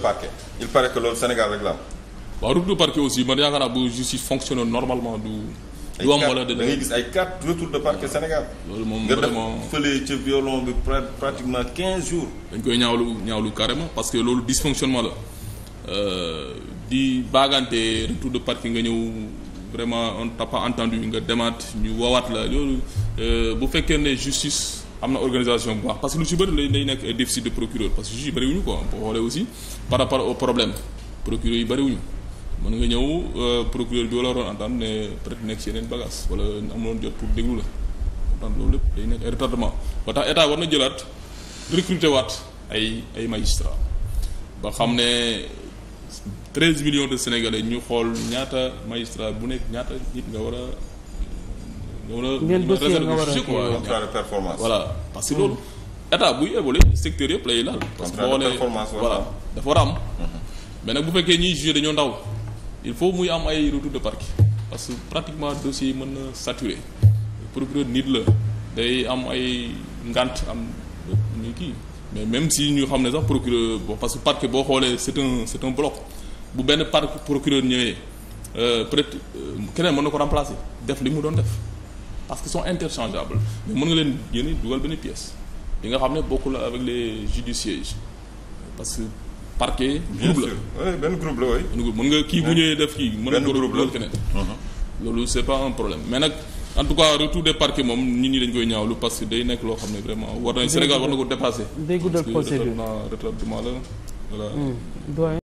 parquet il paraît que loolu Sénégal rek la waaw retour de parquet aussi man yaakaar naa bu justice fonctionne normalement du. du am wala da ngay gis ay quatre retour de parquet Sénégal. loolu moom vraiment nga def fële pratiquement quinze jours. dañ koy ñaawlu ñaawlu carrément parce que loolu dysfonctionnement la euh, di baagante retour de parquet nga ñëw. vraiment on t'a pas nga demaat ñu woowaat la loolu euh, bu fekkee ne justice am na organisation bu baax parce que lu si bëri day ay déficit de procureur parce que juge boo xoolee aussi par rapport au problème procureur yi bëriwuñu mën nga ñëw euh, procureur bi wala waroon entendre ne nekk ci yeneen bagage wala amuloon jot pour déglu la entendre loolu lépp day nekk ay retardement ba tax état war na jëlaat recruter waat ay ay magistrat ba xam ne treize millions de sénégalais ñu xool ñaata magistrat bu nekk ñaata nit nga war ngeen dossier nga war a contrat de performance voilà parce que hmm. loolu état buy évoluer secteur yëpp lay laal. parce que boo nee voilà dafa war a am. Hmm. mais nag bu fekkee ñuy jugé dañoo ndaw il faut muy am ay retour de parquet parce que pratiquement dossiers yi mën na saturé procureur nit la day am ay ngant am ñu kii mais même si ñu xam ne sax procureur bon parce que parquet boo xoolee c'est un c'est un bloc bu benn parc procureur ñëwee euh, peut-être euh, keneen mën na ko remplacer def li mu doon def. parce que son interchangeables mais mën nga leen génne dugal benn pièce li nga xam ne bokkul avec les judiciaires parce que parquet. groupe la benn groupe la waay. nga kii bu ñëwee def kii mën na ko dugal keneen uh-huh. loolu c'est pas un problème mais nag en tout cas retour des parquets moom nit ñi dañ koy ñaawlu parce que day nekk loo xam ne vraiment war na Sénégal war na ko dépasser. day guddal procédure parce que la voilà. Hmm.